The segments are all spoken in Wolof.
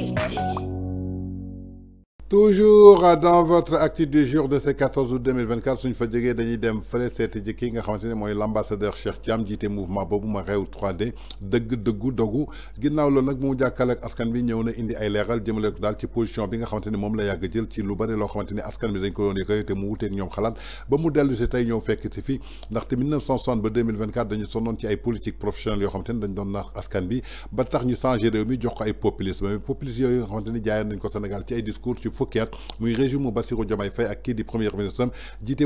Yeah. toujours dans votre actu du jour de ce 14 août 2024 suñ fa jógee dañuy dem fële seeti ji ki nga xamante ne mooy l' Cheikh Thiam jiite mouvement boobu ma réew 3D dëgg dëggu dogu ginnaaw loolu nag mu jàkkale ak askan bi ñëw na indi ay leeral jëmale ko dal ci position bi nga xamante mom la yàgg jël ci lu bari lo xamante askan bi dañ ko doon yëkkati te mu wuteeg ñom xalat ba mu dellu ci tay ñëw fekk ci fi ndax té 1960 ba 2024 dañu sonnon ci ay politique professionnelle yo xamante dañ doon naax askan bi ba tax ñu changer réew mi jox ko ay populisme mais populisme yooyu nga xamante ne nañ ko Sénégal ci ay discours fukki at muy régime Bassirou Diomaye fay ak ki di premier ministre am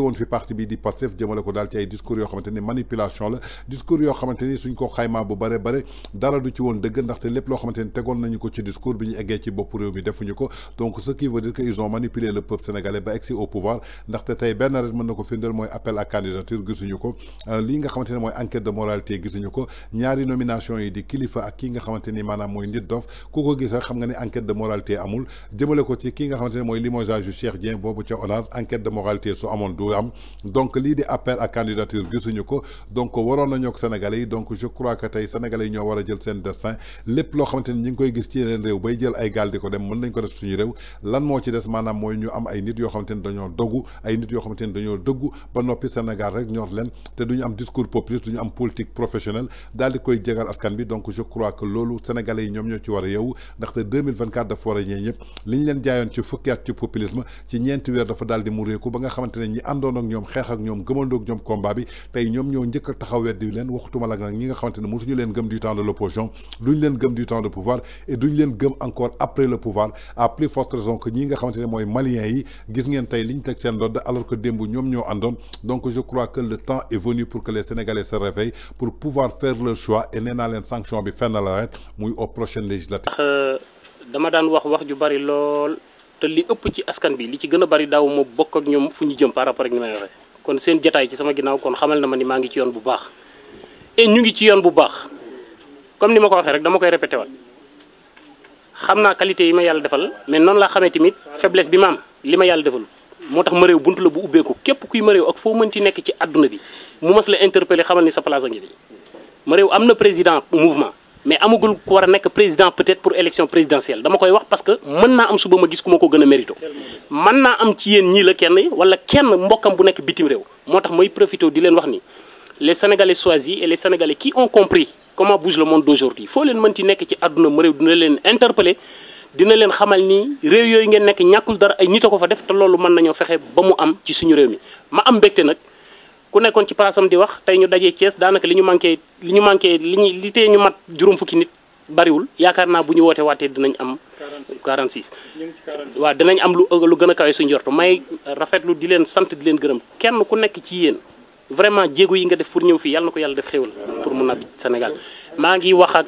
won fi parti bi di Pastef jëmale ko daal ci ay discours yo xamanteni manipulation la discours yo xamanteni suñ ko xayma bu bare bare dara du ci won deug ndax lépp lepp lo xamanteni tegoon nañu ko ci discours biñu ñu ci bop rew mi defuñu ko donc ce qui veut dire que ils ont manipulé le peuple sénégalais ba egsi au pouvoir ndaxte tey benn ret mën na ko firndeel mooy appel à candidature gisuñu ko euh, li nga xamanteni moy enquête de moralité gisuñu ko ñaari nomination yi di kilifa ak ki nga xamanteni manam moy nit dof ku ko gis rek xam nga ni enquête de moralité amul jëmale ko ci ki nga xamante ne mooy limogeage yu Cheikh Dieng boobu ca ONAS enquête de moralité su amoon du am donc lii di appel à candidature gisuñu ko donc waroon nañoo ak Sénégalais donc je crois que tey Sénégalais ñoo wara jël sen destin lepp lo xamante ñing koy gis ci yeneen réew bay jël ay gal di ko dem mën nañ ko def suñu réew lan mo ci dess manam moy ñu am ay nit yo xamante dañoo dogu ay nit yo xamante dañoo deggu ba nopi Sénégal rek ñor leen te duñu am discours populiste duñu am politique professionnelle dal di koy jégal askan bi donc je crois que lolu Sénégalais ñom ñoo ci wara yow ndax ndaxte 2024 da war a ñëw liñ leen jaayoon ci fukki at ci populisme ci ñent wër dafa daldi di mu ba nga xamante ñi andon ak ñom xeex ak ñoom gëmandoog ñom combat bi tay ñom ñoo njëkk a taxaw weddi leen waxtuma la nag ñi nga xamante ne mosuñu leen gëm du temps de l'opposition duñ leen gëm du temps de pouvoir et duñ leen gëm encore après le pouvoir à plus forte raison que ñi nga xamante moy mooy yi gis ngeen tay liñ tek seen dodd alors que dembu ñom ñoo andon donc je crois que le temps est venu pour que les Sénégalais se réveillent pour pouvoir faire leur choix et nee leen sanction bi fenn la ret muy aux prochaines législatives euh, dama daan wax wax ju bari lool te li ëpp ci askan bi li ci gëna bari daaw mo bokk ak ñom fu ñu jëm par rapport ak ni may kon seen jotaay ci sama ginaaw kon xamal na ma ni ma ngi ci yoon bu baax et ñu ngi ci yoon bu baax comme ni ma ko waxe rek dama koy répété waat xamna qualité yi ma yalla defal mais non la xamé timit faiblesse bi maam am li ma yàlla defal moo ma rew buntu la bu ubbeeku kep kuy ma réew ak foo mënti nek ci aduna bi mu mas la interpeller xamal ni sa place ngi di ma réew am président mouvement mais amagul ku war a président peut-être pour élection présidentielle dama koy wax parce que mën naa am suba ma gis ku ko a mérito mën am ci yéen ñii la kenn wala kenn mbokkam bu n'ek bitim réew moo tax may di leen wax ni les sénégalais choisis et les sénégalais qui ont compris comment bouge le monde d'aujourd'hui foo leen mën ci nekk ci àdduna ma réew dina leen interpeller dina leen xamal ni réew yoy ngeen nek ñakul dara ay ñi a ko fa def te loolu mën nañoo fexé ba mu am ci suñu réew mi ma am mbégte nak ku nekkoon ci palaasam di wax tey ñu dajee cees daanaka li ñu manqué li ñu manqué li ñu li ñu mat juróom fukki nit bariwul yaakaar naa bu ñu wootee waatee dinañ am 46 waaw dinañ am lu lu gën a kawe suñu jortu may rafetlu di leen sant di leen gërëm kenn ku nekk ci yéen vraiment jéego yi nga def pour ñëw fii yàlla na ko yàlla def xéwal pour mu nabi Sénégal maa ngi wax ak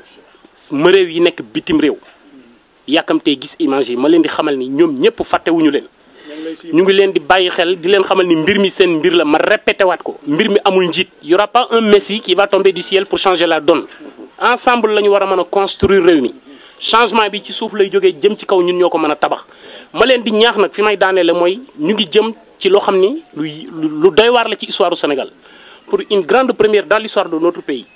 réew yi nekk bitim réew yàkkamtee gis image yi ma leen di xamal ni ñoom ñëpp fàttewuñu leen Nous ngi leen di bàyyi xel di leen xamal ni mbir mi mbir la ma répété il n'y aura pas un messie qui va tomber du ciel pour changer la donne ensemble nous allons construire réuni. changement bi ci suuf lay jógee jëm ci kaw ñun tabac. ko mën a tabax ma le di nous allons fi may daaneele mooy ñu ngi jëm ci histoire du Sénégal pour une grande première dans l'histoire de notre pays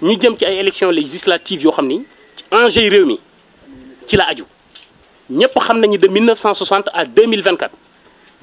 nous jëm ci ay élections législatives yoo xam ni enjeu réew la aju Nous xam de 1960 à 2024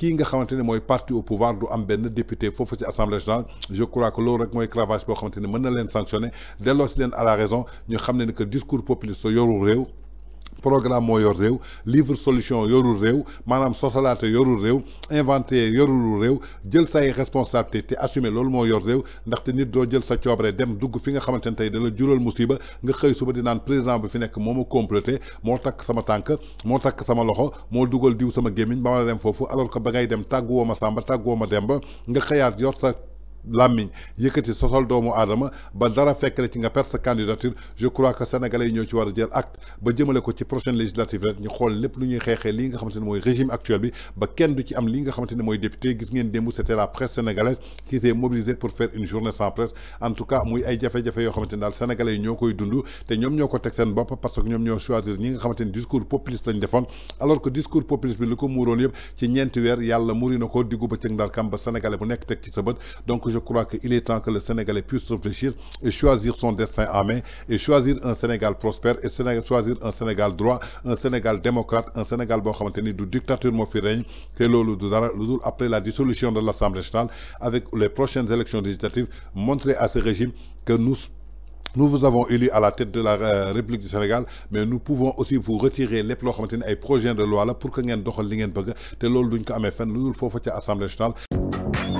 Qui nga xamantene moy parti au pouvoir du am ben député fofu ci assemblée générale je crois que loolu rek un clavage pour xamantene meun na len sanctionner delloo ci len à la raison ñu xamné que discours populiste est réel. programme moo yor réew livre solution yorul réew maanaam sosalaate yorul réew inventé yorul réew jël say responsabilité te assumer loolu moo yor réew ndaxte nit doo jël sa coobare dem dugg fi nga xamante ne tey dala jural musiba nga xëy suba di naan président bi fi nekk moo ma complété moo takk sama tànk moo takk sama loxo moo dugal diw sama gémmiñ ba ma la dem foofu alors que ba ngay dem tàgg woo ma sàmba tàgguwoo ma dem ba nga xëyaat yor sa làmmiñ yëkëti sosal doomu aadama ba dara fekk la ci nga perte candidature je crois que sénégalais yi ñoo ci war a jël acte ba jëmale ko ci prochaine législative rek ñu xool lépp lu ñuy xeexee li nga xamante ne mooy régime actuel bi ba kenn du ci am li nga xamante ne mooy député gis ngeen démb c'était la presse sénégalaise qui s'est mobilisée pour faire une journée sans presse en tout cas muy ay jafe-jafe yoo xamante ne daal sénégalais yi ñoo koy dund te ñoom ñoo ko teg seen bopp parce que ñoom ñoo choisir ñi nga xamante ne discours populiste lañ defoon alors que discours populiste bi li ko muuroon yëpp ci ñeenti weer yàlla muri na ko diggu ba ndaar kam ba sénégalais bu nekk teg ci sa bët donc je crois qu'il est temps que le Sénégalais puisse réfléchir et choisir son destin à main et choisir un Sénégal prospère et choisir un Sénégal droit un Sénégal démocrate un Sénégal bon comme du dictature fi règne après la dissolution de l'Assemblée nationale avec les prochaines élections législatives montrer à ce régime que nous nous vous avons élu à la tête de la euh, République du Sénégal mais nous pouvons aussi vous retirer les plans et projets de loi pour que ngeen doxal li ngeen bëgg te loolu duñ nationale